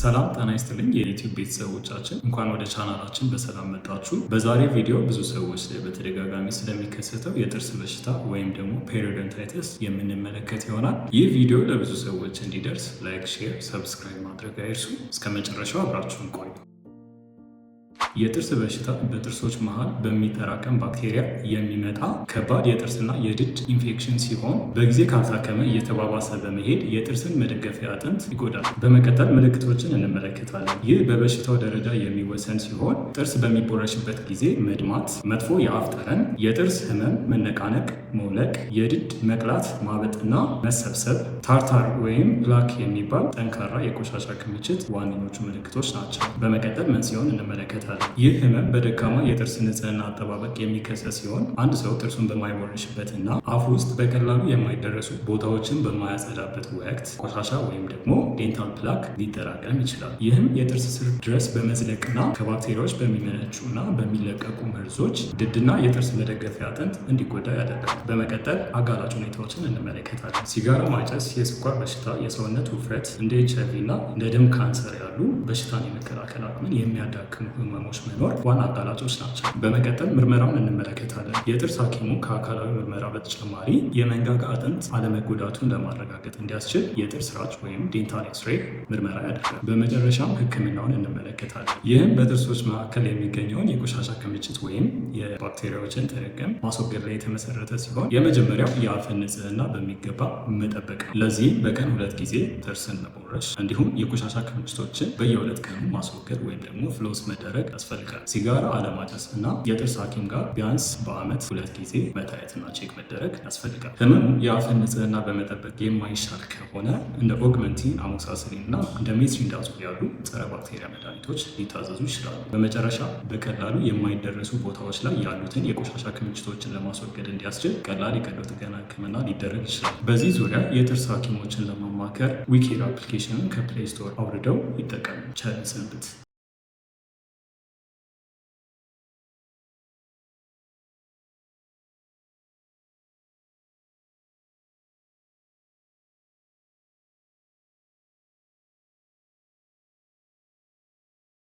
ሰላም ጤና ይስጥልኝ የዩቲዩብ ቤተሰቦቻችን፣ እንኳን ወደ ቻናላችን በሰላም መጣችሁ። በዛሬ ቪዲዮ ብዙ ሰዎች በተደጋጋሚ ስለሚከሰተው የጥርስ በሽታ ወይም ደግሞ ፔሪዶንታይተስ የምንመለከት ይሆናል። ይህ ቪዲዮ ለብዙ ሰዎች እንዲደርስ ላይክ፣ ሼር፣ ሰብስክራይብ ማድረግ አይርሱ። እስከ መጨረሻው አብራችሁን ቆዩ። የጥርስ በሽታ በጥርሶች መሃል በሚጠራቀም ባክቴሪያ የሚመጣ ከባድ የጥርስና የድድ ኢንፌክሽን ሲሆን በጊዜ ካልታከመ እየተባባሰ በመሄድ የጥርስን መደገፊያ አጥንት ይጎዳል። በመቀጠል ምልክቶችን እንመለከታለን። ይህ በበሽታው ደረጃ የሚወሰን ሲሆን ጥርስ በሚቦረሽበት ጊዜ መድማት፣ መጥፎ የአፍ ጠረን፣ የጥርስ ህመም፣ መነቃነቅ መውለቅ፣ የድድ መቅላት፣ ማበጥና መሰብሰብ፣ ታርታር ወይም ፕላክ የሚባል ጠንካራ የቆሻሻ ክምችት ዋነኞቹ ምልክቶች ናቸው። በመቀጠል መንስኤውን እንመለከታለን። ይህ ህመም በደካማ የጥርስ ንጽህና አጠባበቅ የሚከሰት ሲሆን አንድ ሰው ጥርሱን በማይቦርሽበትና አፍ ውስጥ በቀላሉ የማይደረሱ ቦታዎችን በማያጸዳበት ወቅት ቆሻሻ ወይም ደግሞ ዴንታል ፕላክ ሊጠራቀም ይችላል። ይህም የጥርስ ስር ድረስ በመዝለቅና ከባክቴሪያዎች በሚመነጩና በሚለቀቁ መርዞች ድድና የጥርስ መደገፊያ አጥንት እንዲጎዳ ያደርጋል። በመቀጠል አጋላጭ ሁኔታዎችን እንመለከታለን። ሲጋራ ማጨስ የስኳር በሽታ፣ የሰውነት ውፍረት፣ እንደ ኤች አይቪ እና እንደ ደም ካንሰር ያሉ በሽታን የመከላከል አቅምን የሚያዳክሙ ህመሞች መኖር ዋና አጋላጮች ናቸው። በመቀጠል ምርመራውን እንመለከታለን። የጥርስ ሐኪሙ ከአካላዊ ምርመራ በተጨማሪ የመንጋጋ አጥንት አለመጎዳቱን ለማረጋገጥ እንዲያስችል የጥርስ ራጭ ወይም ዴንታል ኤክስሬይ ምርመራ ያደርጋል። በመጨረሻም ህክምናውን እንመለከታለን። ይህም በጥርሶች መካከል የሚገኘውን የቆሻሻ ክምችት ወይም የባክቴሪያዎችን ጥርቅም ማስወገድ ላይ የተመሰረተ ሲሆን የመጀመሪያው የአፍን ንጽህና በሚገባ መጠበቅ። ለዚህ በቀን ሁለት ጊዜ ጥርስን መቦረሽ እንዲሁም የቆሻሻ ክምችቶችን በየሁለት ቀኑ ማስወገድ ወይም ደግሞ ፍሎስ መደረግ ያስፈልጋል። ሲጋራ አለማጨስ እና የጥርስ ሐኪም ጋር ቢያንስ በአመት ሁለት ጊዜ መታየትና ቼክ መደረግ ያስፈልጋል። ህመሙ የአፍን ንጽህና በመጠበቅ የማይሻል ከሆነ እንደ ኦግመንቲ አሞክሳስሊን እና እንደ ሜትሮኒዳዞል ያሉ ጸረ ባክቴሪያ መድኃኒቶች ሊታዘዙ ይችላሉ። በመጨረሻ በቀላሉ የማይደረሱ ቦታዎች ላይ ያሉትን የቆሻሻ ክምችቶችን ለማስወገድ እንዲያስችል ቀላል የቀዶ ጥገና ህክምና ሊደረግ ይችላል። በዚህ ዙሪያ የጥርስ ሐኪሞችን ለማማከር ዊኬር አፕሊኬሽንን ከፕሌይ ስቶር አውርደው ይጠቀሙ። ቸር ሰንብት።